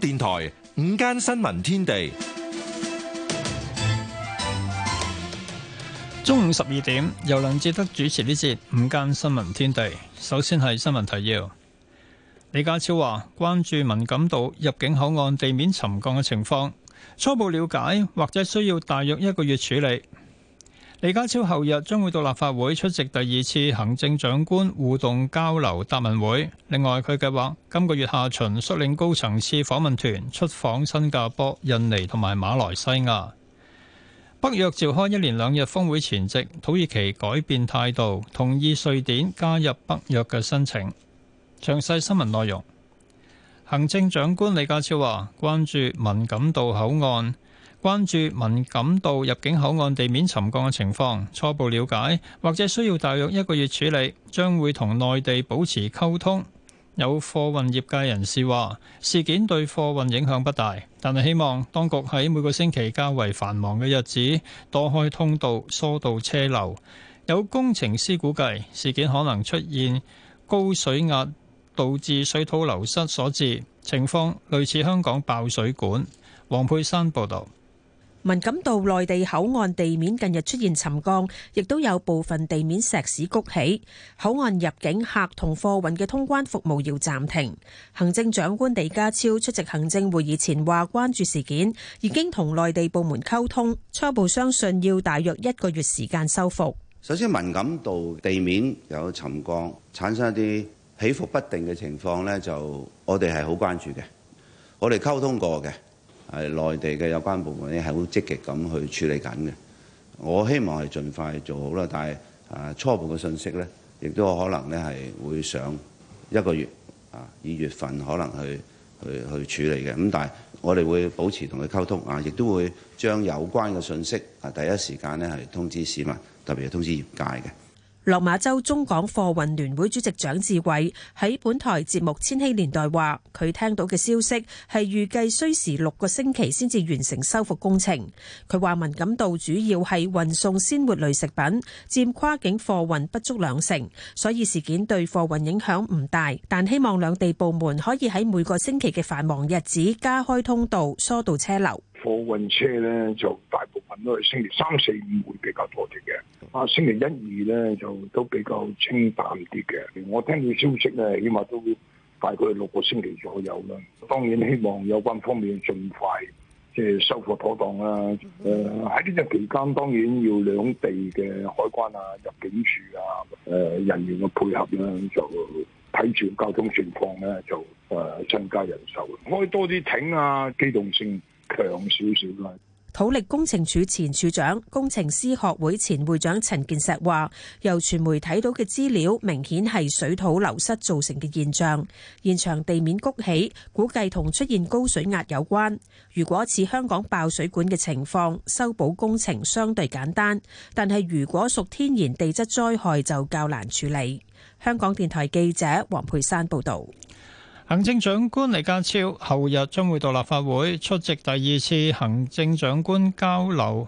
電台午間新聞天地，中午十二點，由梁智德主持呢節午間新聞天地。首先係新聞提要，李家超話關注敏感度入境口岸地面沉降嘅情況，初步了解或者需要大約一個月處理。李家超後日將會到立法會出席第二次行政長官互動交流答問會。另外，佢計劃今個月下旬率領高層次訪問團出訪新加坡、印尼同埋馬來西亞。北約召開一連兩日峰會前夕，土耳其改變態度，同意瑞典加入北約嘅申請。詳細新聞內容，行政長官李家超話，關注敏感度口岸。關注文錦渡入境口岸地面沉降嘅情況，初步了解或者需要大約一個月處理，將會同內地保持溝通。有貨運業界人士話：事件對貨運影響不大，但係希望當局喺每個星期較為繁忙嘅日子多開通道，疏導車流。有工程師估計事件可能出現高水壓導致水土流失所致，情況類似香港爆水管。黃佩珊報導。文錦渡內地口岸地面近日出現沉降，亦都有部分地面石屎谷起。口岸入境客同貨運嘅通關服務要暫停。行政長官李家超出席行政會議前話，關注事件，已經同內地部門溝通，初步相信要大約一個月時間修復。首先，文錦渡地面有沉降，產生一啲起伏不定嘅情況呢，就我哋係好關注嘅，我哋溝通過嘅。係內地嘅有關部門咧，係好積極咁去處理緊嘅。我希望係盡快做好啦，但係啊初步嘅信息呢，亦都可能咧係會上一個月啊，二月份可能去去去處理嘅。咁但係我哋會保持同佢溝通啊，亦都會將有關嘅信息啊，第一時間咧係通知市民，特別係通知業界嘅。落馬洲中港貨運聯會主席蔣志偉喺本台節目《千禧年代》話，佢聽到嘅消息係預計需時六個星期先至完成修復工程。佢話敏感度主要係運送鮮活類食品，佔跨境貨運不足兩成，所以事件對貨運影響唔大。但希望兩地部門可以喺每個星期嘅繁忙日子加開通道，疏導車流。貨運車咧就大部分都係星期三四五會比較多啲嘅，啊星期一二咧就都比較清淡啲嘅。我聽到消息咧，起碼都大概六個星期左右啦。當然希望有關方面盡快即係收貨妥當啦、啊。誒喺呢段期間，當然要兩地嘅海關啊、入境處啊、誒、呃、人員嘅配合啦、啊，就睇住交通情況咧、啊，就誒增加人手，開多啲艇啊，機動性。強少少，土力工程署前署長、工程師學會前會長陳建石話，由傳媒睇到嘅資料，明顯係水土流失造成嘅現象。現場地面谷起，估計同出現高水壓有關。如果似香港爆水管嘅情況，修補工程相對簡單，但係如果屬天然地質災害，就較難處理。香港電台記者黃佩珊報導。行政長官李家超後日將會到立法會出席第二次行政長官交流，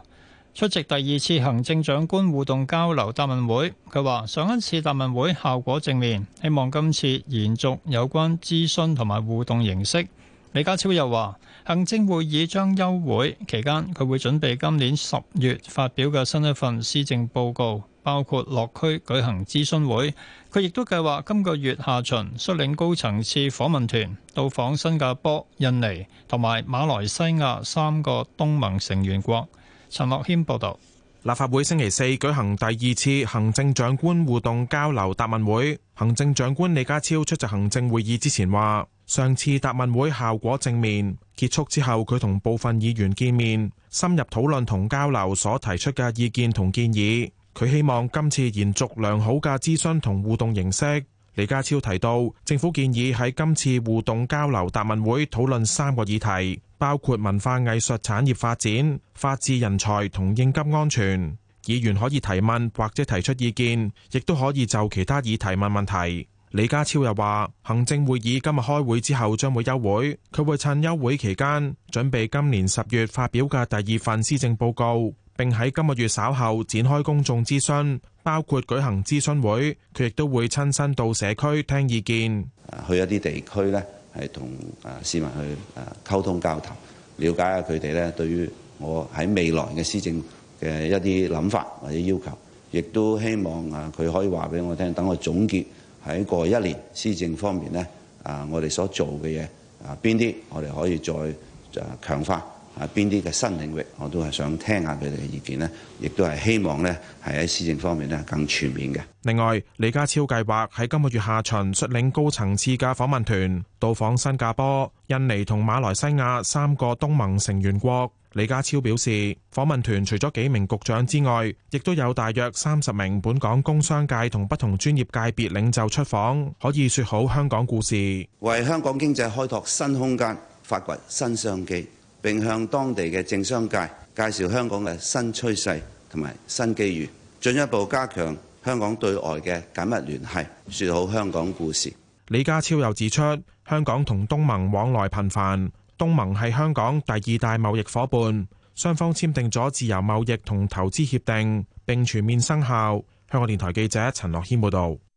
出席第二次行政長官互動交流答問會。佢話：上一次答問會效果正面，希望今次延續有關諮詢同埋互動形式。李家超又話，行政會議將休會期間，佢會準備今年十月發表嘅新一份施政報告，包括落區舉行諮詢會。佢亦都計劃今個月下旬率領高層次訪問團到訪新加坡、印尼同埋馬來西亞三個東盟成員國。陳樂軒報導。立法會星期四舉行第二次行政長官互動交流答問會。行政長官李家超出席行政會議之前話。上次答問會效果正面，結束之後佢同部分議員見面，深入討論同交流所提出嘅意見同建議。佢希望今次延續良好嘅諮詢同互動形式。李家超提到，政府建議喺今次互動交流答問會討論三個議題，包括文化藝術產業發展、法治人才同應急安全。議員可以提問或者提出意見，亦都可以就其他議題問問題。李家超又話：行政會議今日開會之後將會休會，佢會趁休會期間準備今年十月發表嘅第二份施政報告，並喺今個月稍後展開公眾諮詢，包括舉行諮詢會。佢亦都會親身到社區聽意見，去一啲地區咧，係同啊市民去啊溝通交談，了解下佢哋咧對於我喺未來嘅施政嘅一啲諗法或者要求，亦都希望啊佢可以話俾我聽，等我總結。喺過一年施政方面呢，啊，我哋所做嘅嘢啊，邊啲我哋可以再啊強化啊，邊啲嘅新領域我都係想聽下佢哋嘅意見呢。亦都係希望呢，係喺施政方面呢，更全面嘅。另外，李家超計劃喺今個月下旬率，率領高層次嘅訪問團到訪新加坡、印尼同馬來西亞三個東盟成員國。李家超表示，訪問團除咗幾名局長之外，亦都有大約三十名本港工商界同不同專業界別領袖出訪，可以說好香港故事，為香港經濟開拓新空間、發掘新商機，並向當地嘅政商界介紹香港嘅新趨勢同埋新機遇，進一步加強香港對外嘅緊密聯繫，說好香港故事。李家超又指出，香港同東盟往來頻繁。東盟係香港第二大貿易夥伴，雙方簽訂咗自由貿易同投資協定，並全面生效。香港電台記者陳諾軒報道。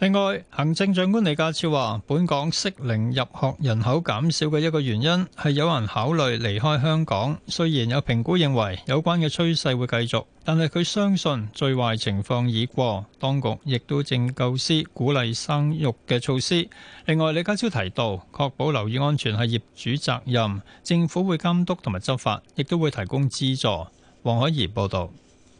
另外，行政長官李家超話，本港適齡入學人口減少嘅一個原因係有人考慮離開香港。雖然有評估認為有關嘅趨勢會繼續，但係佢相信最壞情況已過。當局亦都正構思鼓勵生育嘅措施。另外，李家超提到，確保留意安全係業主責任，政府會監督同埋執法，亦都會提供資助。黃海怡報導。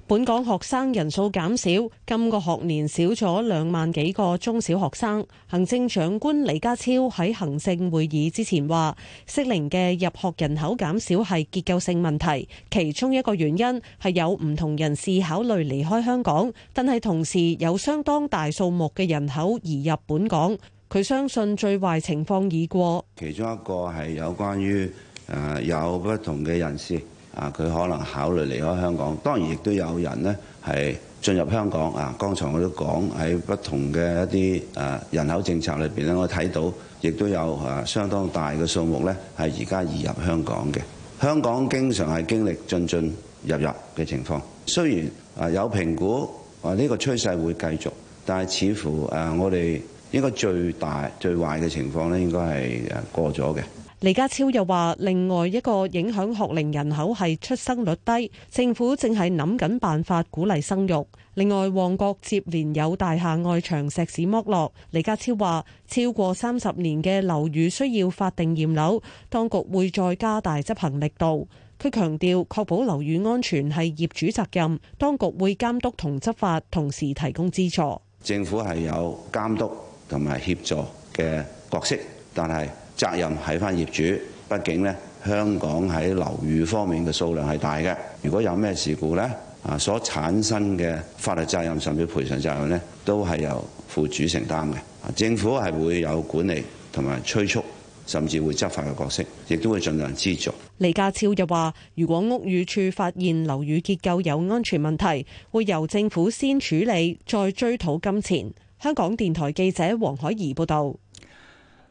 本港學生人數減少，今個學年少咗兩萬幾個中小學生。行政長官李家超喺行政會議之前話：適齡嘅入學人口減少係結構性問題，其中一個原因係有唔同人士考慮離開香港，但係同時有相當大數目嘅人口移入本港。佢相信最壞情況已過。其中一個係有關於誒有不同嘅人士。啊！佢可能考慮離開香港，當然亦都有人呢係進入香港。啊，剛才我都講喺不同嘅一啲誒人口政策裏邊咧，我睇到亦都有誒相當大嘅數目呢係而家移入香港嘅。香港經常係經歷進進入入嘅情況，雖然啊有評估啊呢個趨勢會繼續，但係似乎誒我哋應該最大最壞嘅情況咧應該係誒過咗嘅。李家超又話，另外一個影響學齡人口係出生率低，政府正係諗緊辦法鼓勵生育。另外，旺角接連有大廈外牆石屎剝落，李家超話超過三十年嘅樓宇需要法定驗樓，當局會再加大執行力度。佢強調，確保樓宇安全係業主責任，當局會監督同執法，同時提供資助。政府係有監督同埋協助嘅角色，但係。責任喺返業主，畢竟呢，香港喺樓宇方面嘅數量係大嘅。如果有咩事故呢，啊所產生嘅法律責任甚至賠償責任呢，都係由負主承擔嘅。政府係會有管理同埋催促，甚至會執法嘅角色，亦都會盡量資助。李家超又話，如果屋宇署發現樓宇結構有安全問題，會由政府先處理，再追討金錢。香港電台記者黃海怡報道。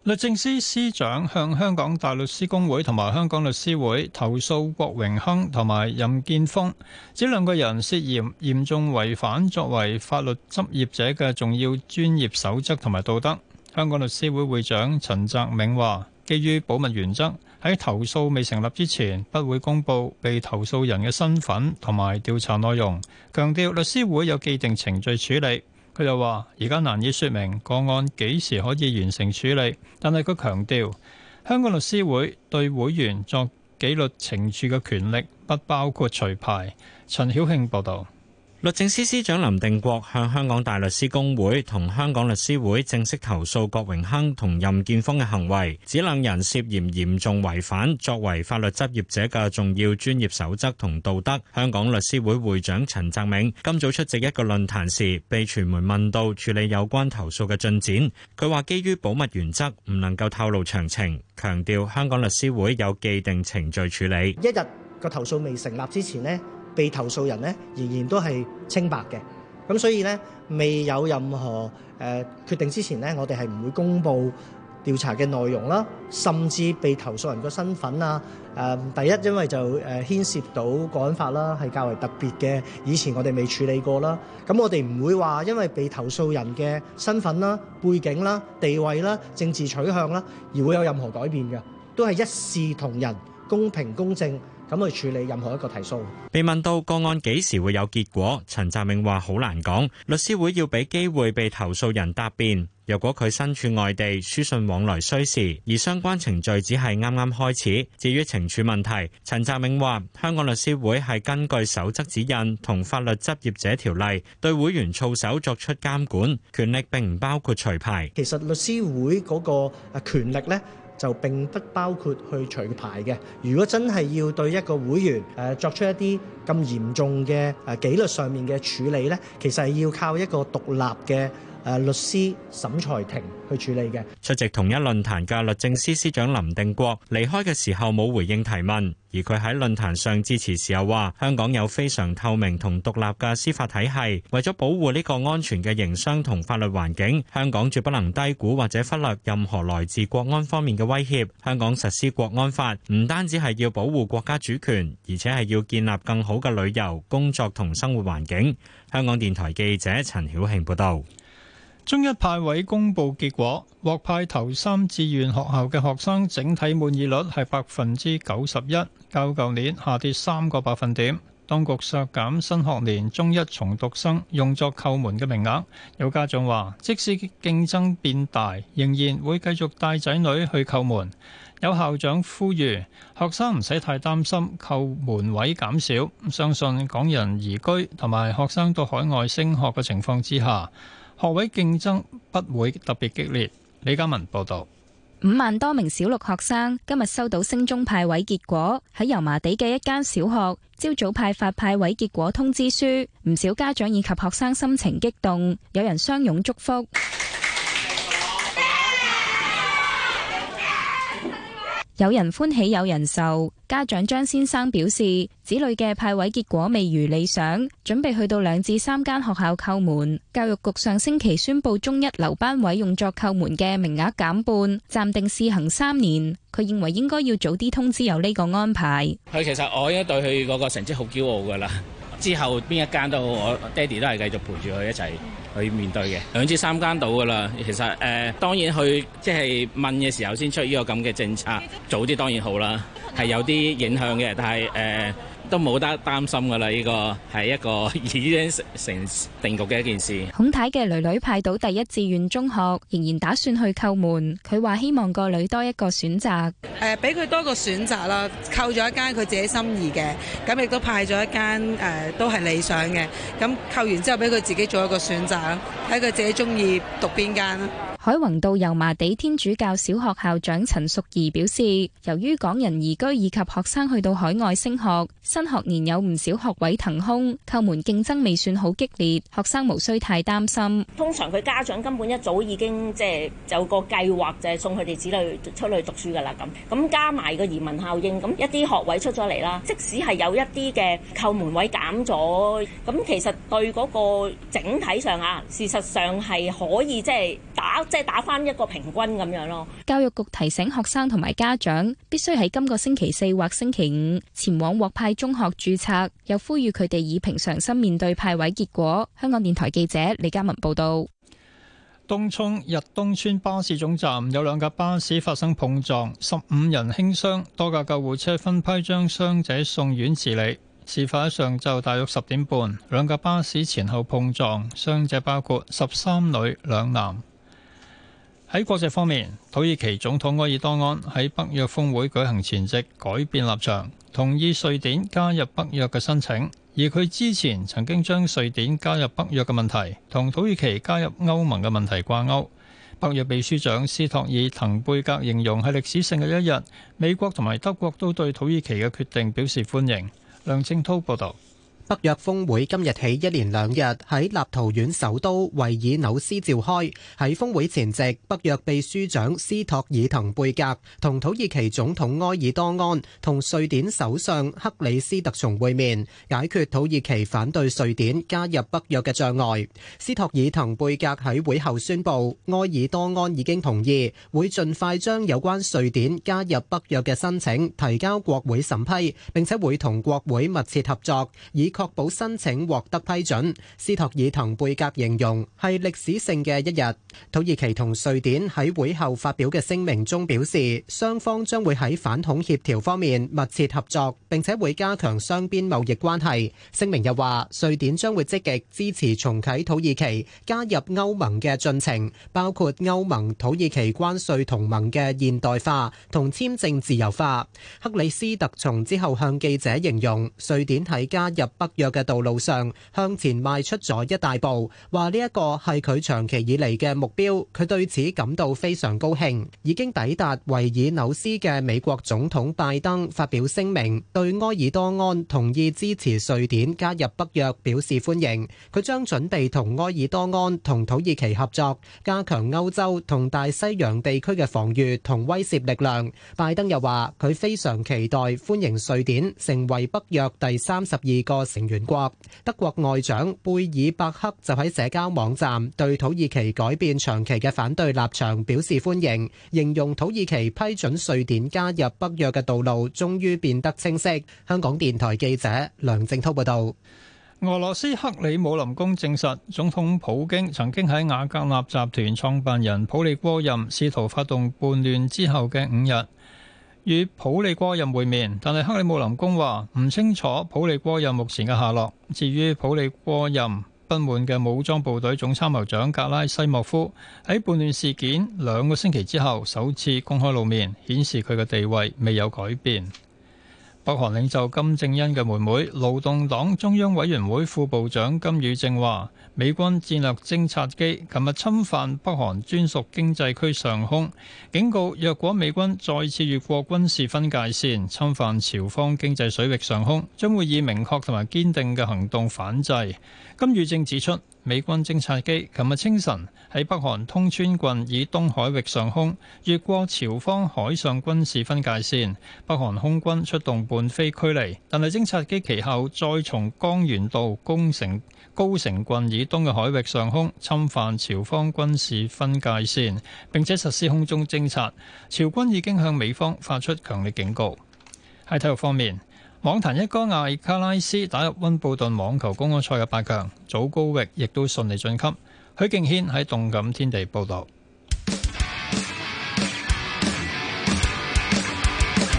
律政司司長向香港大律師公會同埋香港律師會投訴郭榮鏗同埋任建峰，指兩個人涉嫌嚴重違反作為法律執業者嘅重要專業守則同埋道德。香港律師會會長陳澤銘話，基於保密原則，喺投訴未成立之前，不會公布被投訴人嘅身份同埋調查內容，強調律師會有既定程序處理。佢又話：而家難以説明個案幾時可以完成處理，但係佢強調，香港律師會對會員作紀律懲處嘅權力不包括除牌。陳曉慶報道。律政司司長林定國向香港大律師公會同香港律師會正式投訴郭榮鏗同任建峰嘅行為，指兩人涉嫌嚴重違反作為法律執業者嘅重要專業守則同道德。香港律師會會長陳澤銘今早出席一個論壇時，被傳媒問到處理有關投訴嘅進展，佢話基於保密原則唔能夠透露詳情，強調香港律師會有既定程序處理。一日個投訴未成立之前呢。被投訴人咧仍然都係清白嘅，咁所以咧未有任何誒決定之前咧，我哋係唔會公布調查嘅內容啦，甚至被投訴人個身份啊，誒第一因為就誒牽涉到國安法啦，係較為特別嘅，以前我哋未處理過啦，咁我哋唔會話因為被投訴人嘅身份啦、背景啦、地位啦、政治取向啦，而會有任何改變嘅，都係一視同仁、公平公正。咁去處理任何一個提訴。被問到個案幾時會有結果，陳澤明話好難講。律師會要俾機會被投訴人答辯。若果佢身處外地，書信往來需時。而相關程序只係啱啱開始。至於懲處問題，陳澤明話香港律師會係根據守則指引同法律執業者條例對會員操守作出監管，權力並唔包括除牌。其實律師會嗰個啊權力呢，就並不包括去除牌嘅。如果真係要對一個會員誒、呃、作出一啲咁嚴重嘅誒、呃、紀律上面嘅處理呢，其實係要靠一個獨立嘅。誒，律師審裁庭去處理嘅。出席同一論壇嘅律政司司長林定國離開嘅時候冇回應提問，而佢喺論壇上致辭時又話：香港有非常透明同獨立嘅司法體系，為咗保護呢個安全嘅營商同法律環境，香港絕不能低估或者忽略任何來自國安方面嘅威脅。香港實施國安法唔單止係要保護國家主權，而且係要建立更好嘅旅遊、工作同生活環境。香港電台記者陳曉慶報道。中一派位公布結果，獲派頭三志願學校嘅學生整體滿意率係百分之九十一，較舊年下跌三個百分點。當局削減新學年中一重讀生用作叩門嘅名額，有家長話即使競爭變大，仍然會繼續帶仔女去叩門，有校長呼籲學生唔使太擔心叩門位減少，相信港人移居同埋學生到海外升學嘅情況之下，學位競爭不會特別激烈。李家文報道，五萬多名小六學生今日收到升中派位結果，喺油麻地嘅一間小學朝早派發派位結果通知書，唔少家長以及學生心情激動，有人相擁祝福。有人歡喜有人愁。家長張先生表示，子女嘅派位結果未如理想，準備去到兩至三間學校叩門。教育局上星期宣布，中一留班位用作叩門嘅名額減半，暫定試行三年。佢認為應該要早啲通知有呢個安排。佢其實我已經對佢嗰個成績好驕傲㗎啦。之後邊一間都好，我爹哋都係繼續陪住佢一齊。去面對嘅兩至三間到㗎啦，其實誒、呃、當然去即係問嘅時候先出呢個咁嘅政策，啊、早啲當然好啦，係有啲影響嘅，但係誒。呃都冇得擔心噶啦，呢、這個係一個已經成，成定局嘅一件事。孔太嘅女女派到第一志願中學，仍然打算去叩門。佢話希望個女多一個選擇，誒俾佢多個選擇啦。扣咗一間佢自己心儀嘅，咁亦、呃、都派咗一間誒都係理想嘅。咁扣完之後俾佢自己做一個選擇，睇佢自己中意讀邊間。海泓道油麻地天主教小學校長陳淑儀表示，由於港人移居以及學生去到海外升學，新學年有唔少學位騰空，扣門競爭未算好激烈，學生無需太擔心。通常佢家長根本一早已經即係有個計劃，就係送佢哋子女出去讀書㗎喇。即係打返一個平均咁樣咯。教育局提醒學生同埋家長必須喺今個星期四或星期五前往獲派中學注冊，又呼籲佢哋以平常心面對派位結果。香港電台記者李嘉文報道：東涌日東村巴士總站有兩架巴士發生碰撞，十五人輕傷，多架救護車分批將傷者送院治理。事發喺上晝大約十點半，兩架巴士前後碰撞，傷者包括十三女兩男。喺國際方面，土耳其總統埃爾多安喺北約峰會舉行前夕改變立場，同意瑞典加入北約嘅申請。而佢之前曾經將瑞典加入北約嘅問題同土耳其加入歐盟嘅問題掛鈎。北約秘書長斯托爾滕貝格形容係歷史性嘅一日。美國同埋德國都對土耳其嘅決定表示歡迎。梁正滔報道。北約峰會今日起一連兩日喺立陶宛首都維爾紐斯召開。喺峰會前夕，北約秘書長斯托爾滕貝格同土耳其總統埃爾多安同瑞典首相克里斯特松會面，解決土耳其反對瑞典加入北約嘅障礙。斯托爾滕貝格喺會後宣布，埃爾多安已經同意會盡快將有關瑞典加入北約嘅申請提交國會審批，並且會同國會密切合作以確保申請獲得批准，斯托爾滕貝格形容係歷史性嘅一日。土耳其同瑞典喺會後發表嘅聲明中表示，雙方將會喺反恐協調方面密切合作，並且會加強雙邊貿易關係。聲明又話，瑞典將會積極支持重啟土耳其加入歐盟嘅進程，包括歐盟土耳其關稅同盟嘅現代化同簽證自由化。克里斯特松之後向記者形容，瑞典喺加入北北約嘅道路上向前邁出咗一大步，話呢一個係佢長期以嚟嘅目標，佢對此感到非常高興。已經抵達維爾紐斯嘅美國總統拜登發表聲明，對埃爾多安同意支持瑞典加入北約表示歡迎。佢將準備同埃爾多安同土耳其合作，加強歐洲同大西洋地區嘅防禦同威懾力量。拜登又話佢非常期待歡迎瑞典成為北約第三十二個成員國。德國外長貝爾伯克就喺社交網站對土耳其改變長期嘅反對立場表示歡迎，形容土耳其批准瑞典加入北約嘅道路終於變得清晰。香港電台記者梁正濤報道。俄羅斯克里姆林宮證實，總統普京曾經喺瓦格納集團創辦人普利波任試圖發動叛亂之後嘅五日與普里戈任會面，但係克里姆林宮話唔清楚普里戈任目前嘅下落。至於普里戈任不滿嘅武裝部隊總參謀長格拉西莫夫喺叛亂事件兩個星期之後首次公開露面，顯示佢嘅地位未有改變。北韓領袖金正恩嘅妹妹、勞動黨中央委員會副部長金宇正話。美軍戰略偵察機琴日侵犯北韓專屬經濟區上空，警告若果美軍再次越過軍事分界線，侵犯朝方經濟水域上空，將會以明確同埋堅定嘅行動反制。金裕正指出，美軍偵察機琴日清晨喺北韓通川郡以東海域上空越過朝方海上軍事分界線，北韓空軍出動伴飛驅離，但係偵察機其後再從江原道攻城高城郡以東嘅海域上空侵犯朝方軍事分界線，並且實施空中偵察。朝軍已經向美方發出強烈警告。喺體育方面，網壇一哥艾卡拉斯打入溫布頓網球公開賽嘅八強，祖高域亦都順利晉級。許敬軒喺動感天地報道。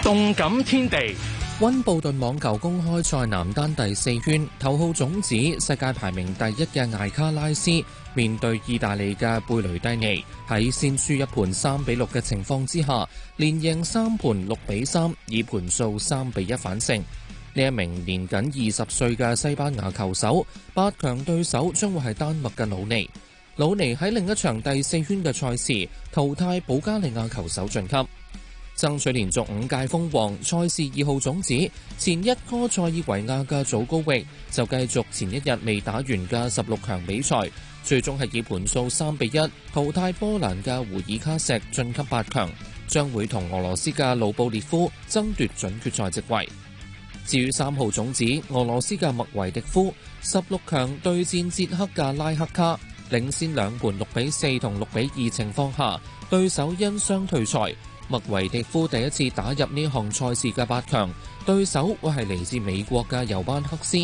動感天地。報導溫布頓網球公開賽男單第四圈，頭號種子、世界排名第一嘅艾卡拉斯面對意大利嘅貝雷蒂尼，喺先輸一盤三比六嘅情況之下，連贏三盤六比三，以盤數三比一反勝呢一名年僅二十歲嘅西班牙球手。八強對手將會係丹麥嘅魯尼。魯尼喺另一場第四圈嘅賽事淘汰保加利亞球手晉級。爭取連續五屆封王，賽事二號種子前一哥塞爾維亞嘅祖高域就繼續前一日未打完嘅十六強比賽，最終係以盤數三比一淘汰波蘭嘅胡爾卡石，晉級八強，將會同俄羅斯嘅盧布列夫爭奪準決賽席位。至於三號種子俄羅斯嘅麥維迪夫，十六強對戰捷克嘅拉克卡，領先兩盤六比四同六比二情況下，對手因傷退賽。麥維迪夫第一次打入呢項賽事嘅八強，對手會係嚟自美國嘅尤班克斯。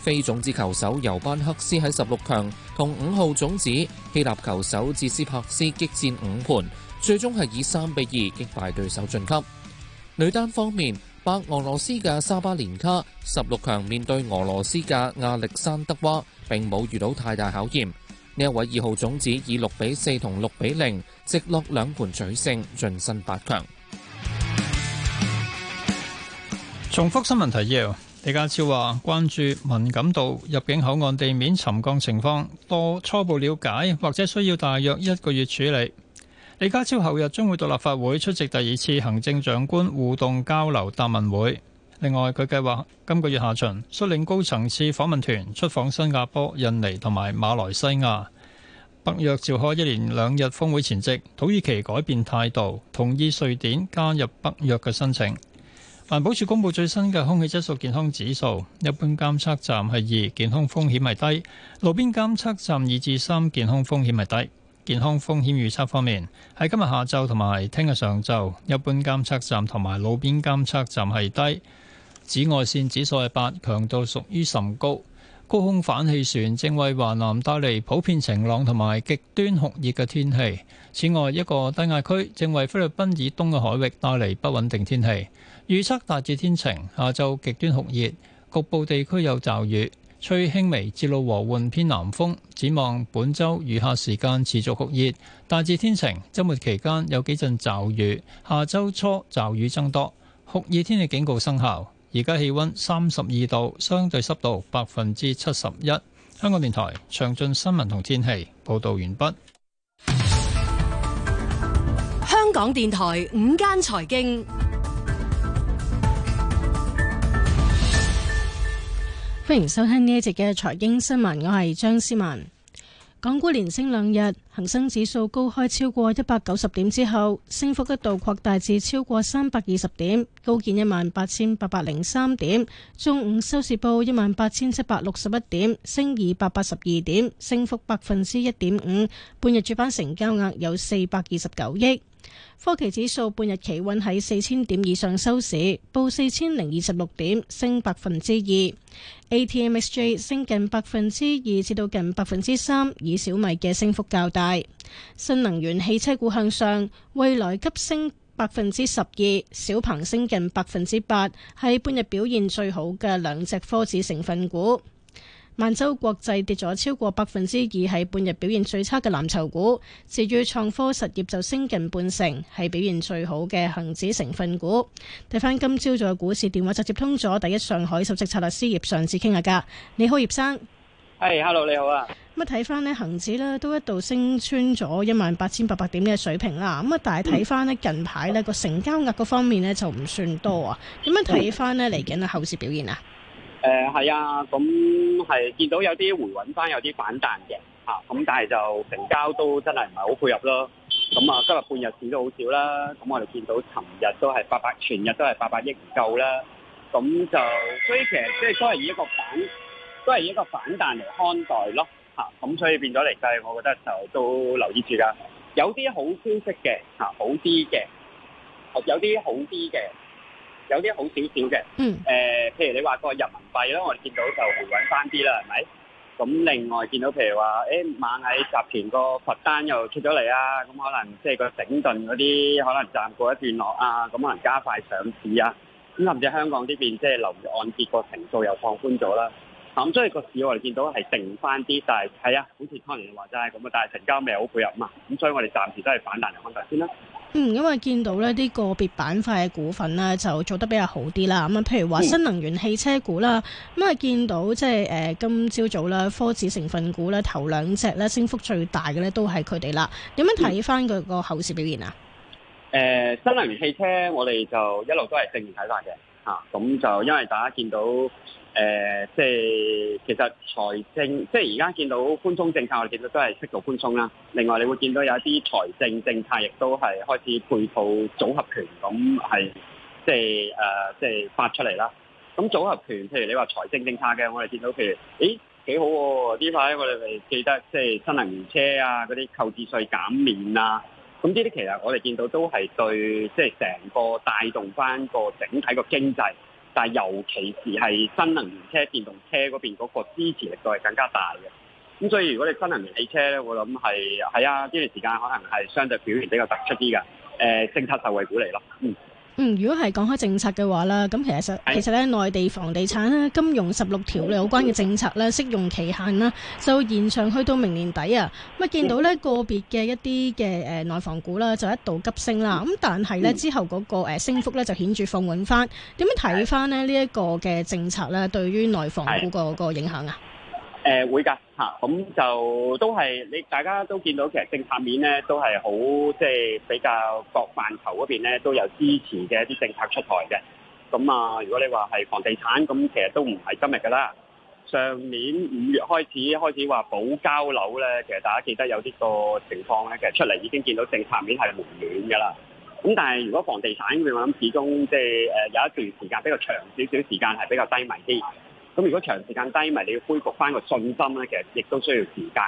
非種子球手尤班克斯喺十六強同五號種子希臘球手智斯帕斯激戰五盤，最終係以三比二擊敗對手晉級。女單方面，白俄羅斯嘅沙巴連卡十六強面對俄羅斯嘅亞歷山德娃，並冇遇到太大考驗。呢一位二號種子以六比四同六比零直落兩盤取勝，晉身八強。重複新聞提要：李家超話關注敏感度、入境口岸地面沉降情況，多初步了解，或者需要大約一個月處理。李家超後日將會到立法會出席第二次行政長官互動交流答問會。另外，佢計劃今個月下旬率領高層次訪問團出訪新加坡、印尼同埋馬來西亞。北約召開一連兩日峰會前夕，土耳其改變態度，同意瑞典加入北約嘅申請。環保署公布最新嘅空氣質素健康指數，一般監測站係二，健康風險係低；路邊監測站二至三，健康風險係低。健康風險預測方面，喺今日下晝同埋聽日上晝，一般監測站同埋路邊監測站係低。紫外線指數係八，強度屬於甚高。高空反氣旋正為華南帶嚟普遍晴朗同埋極端酷熱嘅天氣。此外，一個低壓區正為菲律賓以東嘅海域帶嚟不穩定天氣。預測大致天晴，下晝極端酷熱，局部地區有驟雨，吹輕微至路和緩偏南風。展望本週餘下時間持續酷熱，大致天晴，周末期間有幾陣驟雨，下周初驟雨增多，酷熱天氣警告生效。而家氣溫三十二度，相對濕度百分之七十一。香港電台詳盡新聞同天氣報道完畢。香港電台午間財經，歡迎收聽呢一節嘅財經新聞，我係張思文。港股連升兩日，恒生指數高開超過一百九十點之後，升幅一度擴大至超過三百二十點，高見一萬八千八百零三點。中午收市報一萬八千七百六十一點，升二百八十二點，升幅百分之一點五。半日主板成交額有四百二十九億。科技指數半日企穩喺四千點以上收市，報四千零二十六點，升百分之二。ATMXJ 升近百分之二至到近百分之三，以小米嘅升幅較大。新能源汽車股向上，蔚來急升百分之十二，小鵬升近百分之八，係半日表現最好嘅兩隻科技成分股。萬洲國際跌咗超過百分之二，係半日表現最差嘅藍籌股。至於創科實業就升近半成，係表現最好嘅恒指成分股。睇翻今朝早嘅股市電話就接通咗第一上海首席策略師葉尚志傾下偈。你好，葉生。係，Hello，你好啊。咁啊，睇翻咧恒指咧都一度升穿咗一萬八千八百點嘅水平啦。咁啊，但係睇翻咧近排咧個成交額嗰方面咧就唔算多啊。點樣睇翻咧嚟緊嘅後市表現啊？誒係、嗯、啊，咁、嗯、係見到有啲回穩翻，有啲反彈嘅嚇，咁、啊、但係就成交都真係唔係好配合咯。咁啊，今日半日市都好少啦。咁、啊嗯、我哋見到尋日都係八百，全日都係八百億唔夠啦。咁、啊、就、嗯、所以其實即係都係以一個反，都係以一個反彈嚟看待咯嚇。咁、啊嗯、所以變咗嚟計，我覺得就都留意住㗎。有啲好消息嘅嚇，好啲嘅、啊，有啲好啲嘅。有啲好少少嘅，誒、呃，譬如你話個人民幣啦，我哋見到就回穩翻啲啦，係咪？咁另外見到譬如話，誒、欸，螞蟻集團個罰單又出咗嚟啊，咁可能即係個整頓嗰啲可能暫告一段落啊，咁可能加快上市啊，咁甚至香港呢邊即係流按揭個程度又放寬咗啦，咁所以個市我哋見到係定翻啲，但係係啊，好似可能話齋咁啊，但係成交未好配合啊嘛，咁所以我哋暫時都係反彈嚟看待先啦。嗯，因為見到呢啲個別板塊嘅股份呢，就做得比較好啲啦，咁啊，譬如話新能源汽車股啦，咁啊、嗯、見到即係誒今朝早啦，科指成分股呢，頭兩隻呢，升幅最大嘅呢都係佢哋啦。點樣睇翻佢個後市表現啊？誒、嗯呃，新能源汽車我哋就一路都係正面睇法嘅吓，咁、啊、就因為大家見到。誒，即係、呃、其實財政，即係而家見到寬鬆政策，我哋見到都係適度寬鬆啦。另外，你會見到有一啲財政政策亦都係開始配套組合拳咁係，即係誒、呃，即係發出嚟啦。咁組合拳，譬如你話財政政策嘅，我哋見到譬如，誒幾好喎、啊？呢排我哋記得即係新能源車啊，嗰啲購置稅減免啊，咁呢啲其實我哋見到都係對，即係成個帶動翻個整體個經濟。但係尤其是係新能源車、電動車嗰邊嗰個支持力度係更加大嘅，咁所以如果你新能源汽車咧，我諗係係啊呢段時間可能係相對表現比較突出啲嘅，誒、呃、政策受惠股嚟咯，嗯。嗯，如果係講開政策嘅話啦，咁其實其實咧內地房地產咧，金融十六條有關嘅政策咧，適用期限啦，就延長去到明年底啊。咁啊見到呢個別嘅一啲嘅誒內房股啦，就一度急升啦。咁但係呢之後嗰個誒升幅咧就顯著放緩翻。點樣睇翻呢？呢一個嘅政策咧，對於內房股個個影響啊？誒、嗯、會㗎嚇，咁、啊嗯、就都係你大家都見到，其實政策面咧都係好即係比較各範疇嗰邊咧都有支持嘅一啲政策出台嘅。咁、嗯、啊，如果你話係房地產，咁其實都唔係今日㗎啦。上年五月開始開始話補交樓咧，其實大家記得有啲個情況咧，其實出嚟已經見到政策面係回暖㗎啦。咁、嗯、但係如果房地產嗰邊，我諗始終即係誒有一段時間比較長少少時間係比較低迷啲。咁如果長時間低迷，咪你要恢復翻個信心咧，其實亦都需要時間。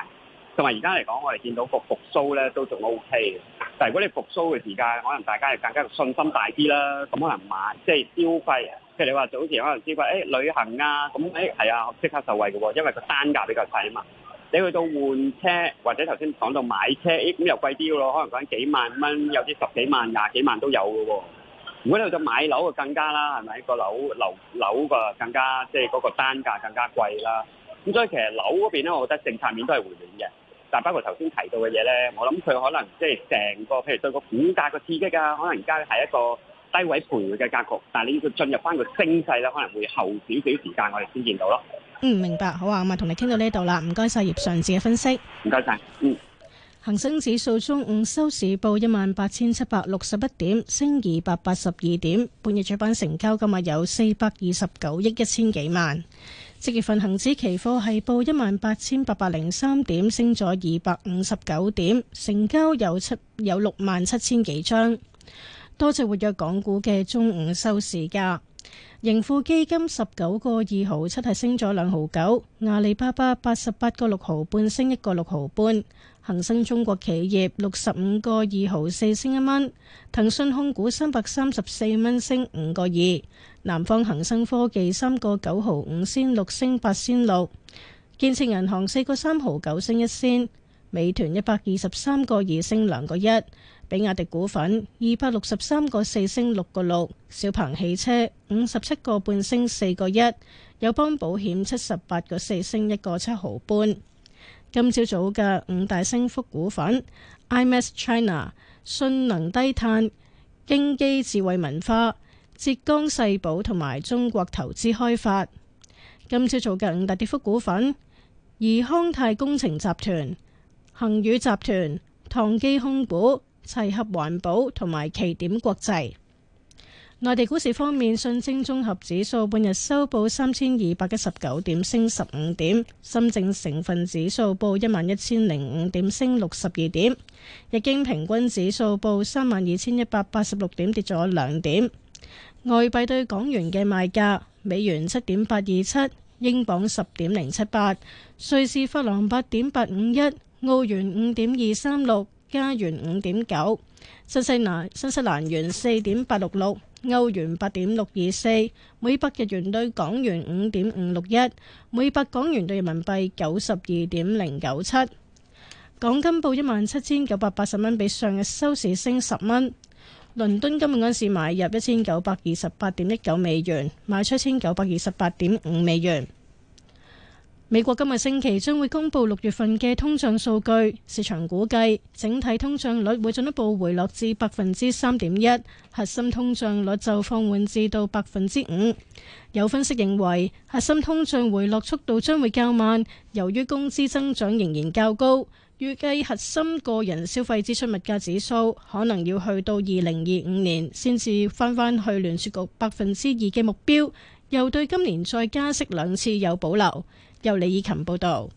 同埋而家嚟講，我哋見到復復甦咧都仲 O K 嘅。但係如果你復甦嘅時間，可能大家係更加信心大啲啦。咁可能買即係、就是、消費，即係你話早前可能消費，誒、哎、旅行啊，咁誒係啊，即刻受惠㗎喎，因為個單價比較細啊嘛。你去到換車或者頭先講到買車，誒、哎、咁又貴啲咯，可能講緊幾萬蚊，有啲十幾萬、廿幾萬都有㗎喎。如果喺度就買樓啊，更加啦，係咪個樓樓樓個更加即係嗰個單價更加貴啦？咁所以其實樓嗰邊咧，我覺得政策面都係回暖嘅。但包括頭先提到嘅嘢咧，我諗佢可能即係成個，譬如對個股價個刺激啊，可能而家係一個低位徘徊嘅格局。但係你要進入翻個升勢咧，可能會後少少時間，我哋先見到咯。嗯，明白。好啊，咁啊，同你傾到呢度啦。唔該曬葉尚志嘅分析。唔該晒。嗯。恒生指數中午收市報一萬八千七百六十一點，升二百八十二點。半日主板成交金額有四百二十九億一千幾萬。即月份恒指期貨係報一萬八千八百零三點，升咗二百五十九點，成交有七有六萬七千幾張。多隻活躍港股嘅中午收市價，盈富基金十九個二毫七係升咗兩毫九，阿里巴巴八十八個六毫半升一個六毫半。恒生中國企業六十五個二毫四升一蚊，騰訊控股三百三十四蚊升五個二，南方恒生科技三個九毫五仙六升八仙六，建設銀行四個三毫九升一仙，美團一百二十三個二升兩個一，比亞迪股份二百六十三個四升六個六，小鵬汽車五十七個半升四個一，友邦保險七十八個四升一個七毫半。今朝早嘅五大升幅股份：iMax China、信能低碳、京基智慧文化、浙江世寶同埋中國投資開發。今朝早嘅五大跌幅股份：宜康泰工程集團、恒宇集團、唐基控股、齊合環保同埋奇點國際。內地股市方面，上證綜合指數半日收報三千二百一十九點，升十五點；深證成分指數報一萬一千零五點，升六十二點；日經平均指數報三萬二千一百八十六點，跌咗兩點。外幣對港元嘅賣價：美元七點八二七，英鎊十點零七八，瑞士法郎八點八五一，澳元五點二三六。加元五點九，新西蘭新西蘭元四點八六六，歐元八點六二四，每百日元兌港元五點五六一，每百港元兌人民幣九十二點零九七。港金報一萬七千九百八十蚊，比上日收市升十蚊。倫敦金每安士買入一千九百二十八點一九美元，賣出一千九百二十八點五美元。美國今個星期將會公布六月份嘅通脹數據，市場估計整體通脹率會進一步回落至百分之三點一，核心通脹率就放緩至到百分之五。有分析認為，核心通脹回落速度將會較慢，由於工資增長仍然較高，預計核心個人消費支出物價指數可能要去到二零二五年，先至返返去聯儲局百分之二嘅目標。又對今年再加息兩次有保留。由李以琴報道。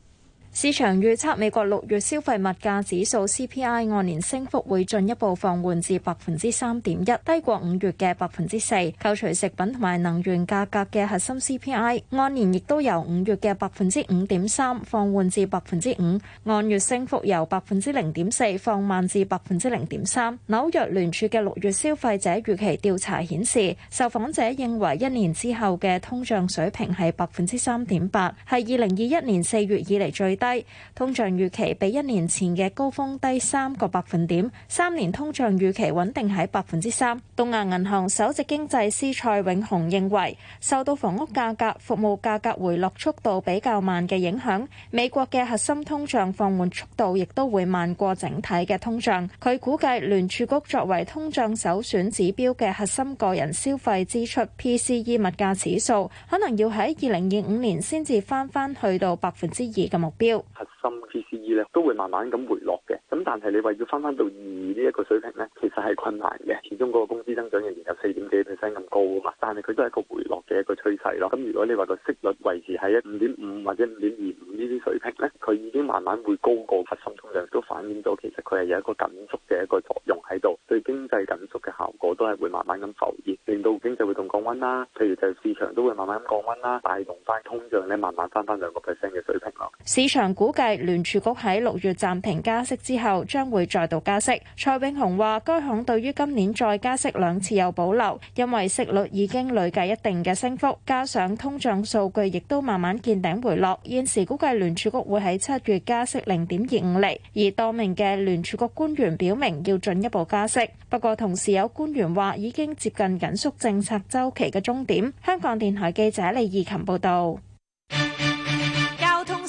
市場預測美國六月消費物價指數 CPI 按年升幅會進一步放緩至百分之三點一，低過五月嘅百分之四。扣除食品同埋能源價格嘅核心 CPI 按年亦都由五月嘅百分之五點三放緩至百分之五，按月升幅由百分之零點四放慢至百分之零點三。紐約聯儲嘅六月消費者預期調查顯示，受訪者認為一年之後嘅通脹水平係百分之三點八，係二零二一年四月以嚟最。低，通脹預期比一年前嘅高峰低三個百分點。三年通脹預期穩定喺百分之三。東亞銀行首席經濟師蔡永雄認為，受到房屋價格、服務價格回落速度比較慢嘅影響，美國嘅核心通脹放緩速度亦都會慢過整體嘅通脹。佢估計聯儲局作為通脹首選指標嘅核心個人消費支出 PCE 物價指數，可能要喺二零二五年先至返返去到百分之二嘅目標。核心 PCE 咧都會慢慢咁回落嘅，咁但係你話要翻翻到二呢一個水平咧，其實係困難嘅。始終嗰個工資增長仍然有四點幾 percent 咁高啊嘛，但係佢都係一個回落嘅一個趨勢咯。咁如果你話個息率維持喺一五點五或者五點二五呢啲水平咧，佢已經慢慢會高過核心通脹，都反映咗其實佢係有一個緊縮嘅一個作用喺度，對經濟緊縮嘅效果都係會慢慢咁浮現，令到經濟會咁降温啦。譬如就市場都會慢慢咁降温啦，帶動翻通脹咧，慢慢翻翻兩個 percent 嘅水平咯。市場估計，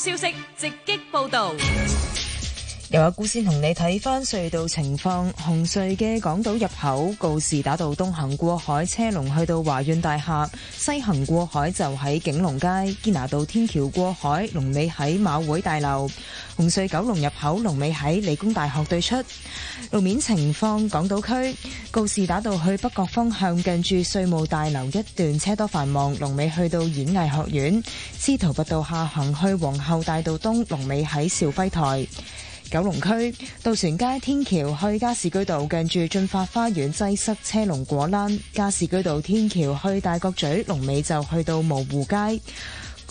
消息直擊報導。Yes. 又有姑先同你睇翻隧道情況。紅隧嘅港島入口告士打道東行過海，車龍去到華潤大廈；西行過海就喺景隆街堅拿道天橋過海，龍尾喺馬會大樓。紅隧九龍入口龍尾喺理工大學對出。路面情況，港島區告士打道去北角方向近住稅務大樓一段車多繁忙，龍尾去到演藝學院。司徒拔道下行去皇后大道東，龍尾喺兆輝台。九龍區渡船街天橋去加士居道，近住駿發花園擠塞車龍果欄；加士居道天橋去大角咀龍尾就去到蕪湖街；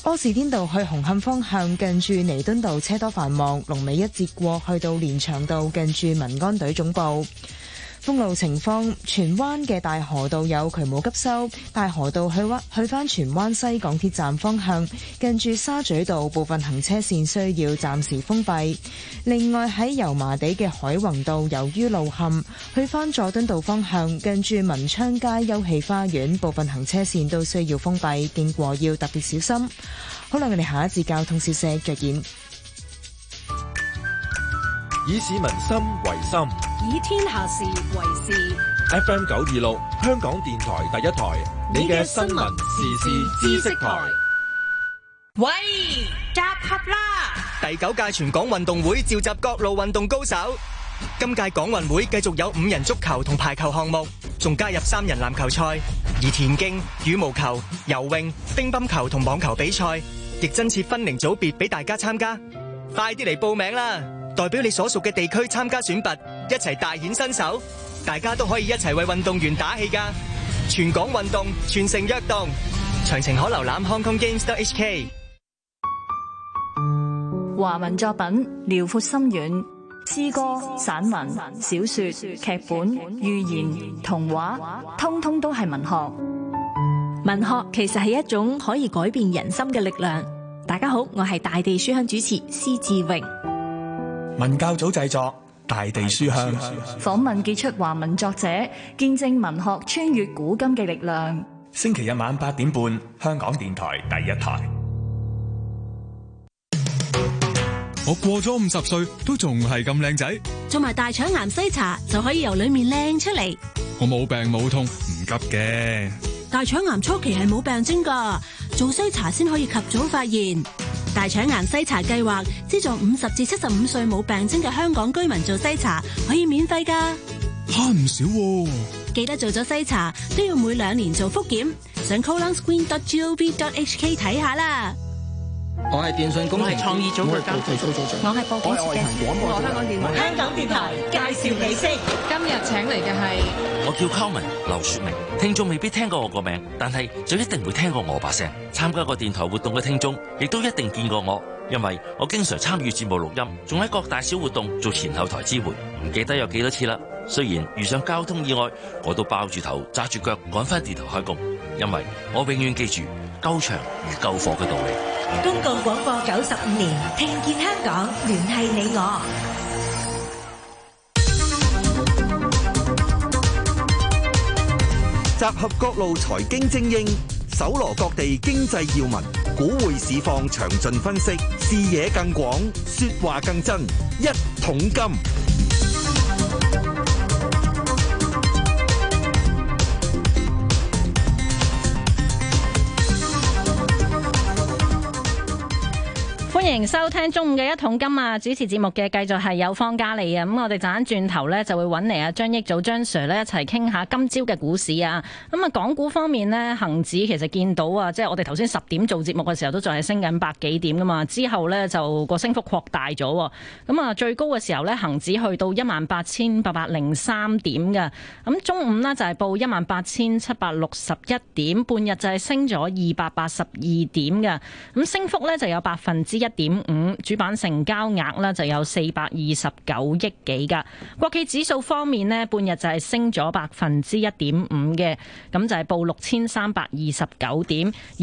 柯士甸道去紅磡方向近住彌敦道車多繁忙，龍尾一截過去到連翔道近住民安隊總部。封路情況，荃灣嘅大河道有渠務急修，大河道去灣去返荃灣西港鐵站方向，近住沙咀道部分行車綫需要暫時封閉。另外喺油麻地嘅海泓道，由於路陷，去返佐敦道方向，近住文昌街休憩花園部分行車綫都需要封閉，經過要特別小心。好啦，我哋下一節交通消息再見。以市民心為心，以天下事為事。F.M. 九二六，香港電台第一台，你嘅新聞時事知識台。喂，集合啦！第九屆全港運動會召集各路運動高手。今屆港運會繼續有五人足球同排球項目，仲加入三人籃球賽，而田徑、羽毛球、游泳、乒乓球同網球比賽亦增設分齡組別俾大家參加。快啲嚟報名啦！，代表你所屬嘅地區參加選拔，一齊大顯身手，大家都可以一齊為運動員打氣噶。全港運動，全城躍動，詳情可瀏覽 Hong Kong Games HK。華文作品，遼闊深遠。詩歌、散文、小說、劇本、寓言、童話，通通都係文學。文學其實係一種可以改變人心嘅力量。大家好，我係大地書香主持施志榮。文教組製作《大地書香》書香，訪問傑出華文作者，見證文學穿越古今嘅力量。星期日晚八點半，香港電台第一台。我過咗五十歲都仲係咁靚仔，做埋大腸癌篩查就可以由裏面靚出嚟。我冇病冇痛，唔急嘅。大腸癌初期係冇病徵㗎，做篩查先可以及早發現。大腸癌篩查計劃資助五十至七十五歲冇病徵嘅香港居民做篩查，可以免費噶，慳唔少喎。記得做咗篩查都要每兩年做複檢，上 colonscreen.gov.hk 睇下啦。我係電信公司創意組嘅教題組，我係播主持嘅，我，我，我香港電台是香港電台是介紹幾聲。今日請嚟嘅係我叫 Carmen 劉雪明，聽眾未必聽過我個名，但係就一定會聽過我把聲。參加過電台活動嘅聽眾亦都一定見過我，因為我經常參與節目錄音，仲喺各大小活動做前後台支援，唔記得有幾多次啦。雖然遇上交通意外，我都包住頭紮住腳趕翻電台開工，因為我永遠記住。救場如救火嘅道理。公共廣播九十五年，聽見香港，聯繫你我。集合各路財經精英，搜羅各地經濟要聞，股匯市況詳盡分析，視野更廣，說話更真。一桶金。歡迎收聽中午嘅一桶金啊！主持節目嘅繼續係有方嘉利啊！咁我哋陣間轉頭呢，就會揾嚟阿張益祖、張 Sir 呢，一齊傾下今朝嘅股市啊！咁啊，港股方面呢，恒指其實見到啊，即係我哋頭先十點做節目嘅時候都仲係升緊百幾點噶嘛，之後呢就個升幅擴大咗。咁啊，最高嘅時候呢，恒指去到一萬八千八百零三點㗎。咁中午呢，就係報一萬八千七百六十一點，半日就係升咗二百八十二點㗎。咁升幅呢，就有百分之一點五，主板成交額呢就有四百二十九億幾噶國企指數方面呢，半日就係升咗百分之一點五嘅，咁就係報六千三百二十九點。